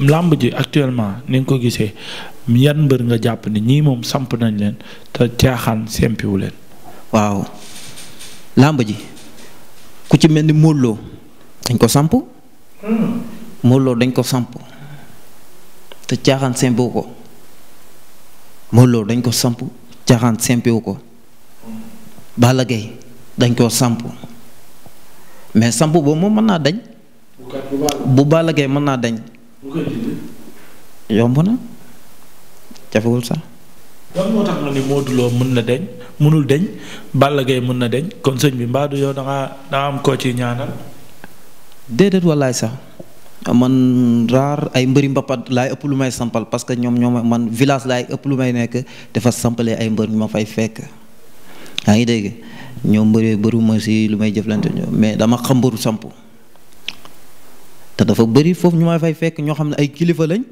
làmb ji actuellement ni nga ko gisee yan mbër nga jàpp ni ñii moom samp nañ leen te caaxaan sempiwu leen. waaw làmb ji ku ci mel ni Modou dañ ko samp. Hmm. Modou dañ ko samp te caaxaan sempiwu ko Modou Lo dañ ko samp caaxaan sempiwu ko. Balla dañ koo samp mais samp boobu moom mën naa dañ. bu Balla Gaye mën naa dañ. bu koy dindi. yomb na jafewul sax. lan moo tax nga ni Modou Lo mën na deñ mënul deñ Balla Gaye mën na deñ kon sëñ bi mbaa du yow da ngaa am koo ci ñaanal. déedéet wallaay sax man raar ay mbëri mbappat laay ëpp lu may sampal parce que ñoom ñoom man village laay ëpp lu may nekk dafa sampalee ay mbër ñu ma fay fekk. yaa ngi dégg ñoom mbëri bëru si lu may jëflante ñoom mais dama xam mbëru samp dafa bari foofu ñu ma fay fekk ñoo xam ne ay kilifa lañ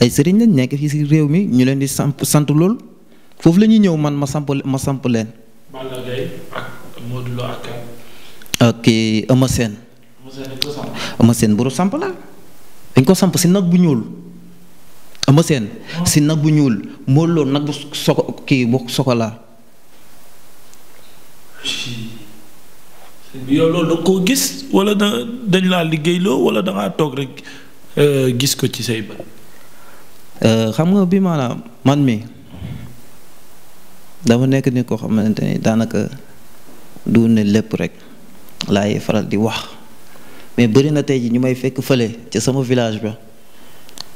ay sëriñ lañ nekk fii si réew mi ñu leen di samp sant lool foofu lañuy ñëw man ma samp ma samp leen. Balla Gaye ak Modou Lo ak. ak samp la dañ ko samp si nag bu ñuul. Eumeu seen si nag bu ñuul Modou Lo nag bu soko kii bu sokolaa. yow loolu koo gis walla da dañ laa liggéeyloo wala da ngaa toog rek euh, gis ko ci say bët. Euh, xam nga bi maanaam man mi dama nekk ni ko xamante ne daanaka du ne lépp rek laay faral di wax mais bëri na tey ji ñu may fekk fële ca sama village ba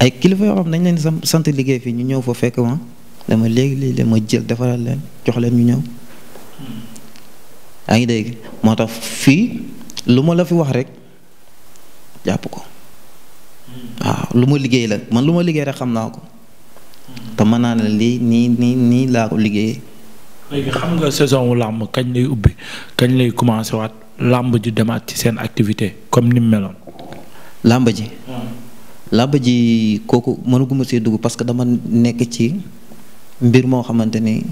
ay kilifa yoo xam nañ leen sant liggéey fii ñu ñëw fa fekk ma dama léegi léegi ma jël defaral leen jox leen ñu ñëw. Hmm. yaa ngi dégg moo tax fii lu ma la fi wax rek jàpp ko waaw lu ma liggéey la man lu ma liggéey rek xam naa ko te mën naa ne lii nii nii nii laa ko liggéeyee. xam nga saison wu làmb kañ lay ubbi kañ lay commencé waat làmb ji demaat ci seen activité comme ni mu meloon. làmb ji. Hmm. làmb ji kooku mënuguma see dugg parce que dama nekk ci mbir moo xamante ni.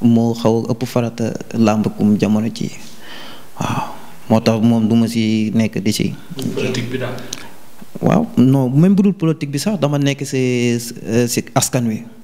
moo xaw a ëpp farata làmb kum jamono ci waaw moo tax moom duma ci nekk di ci waaw non même bu dul bi sax dama nekk si si askan wi.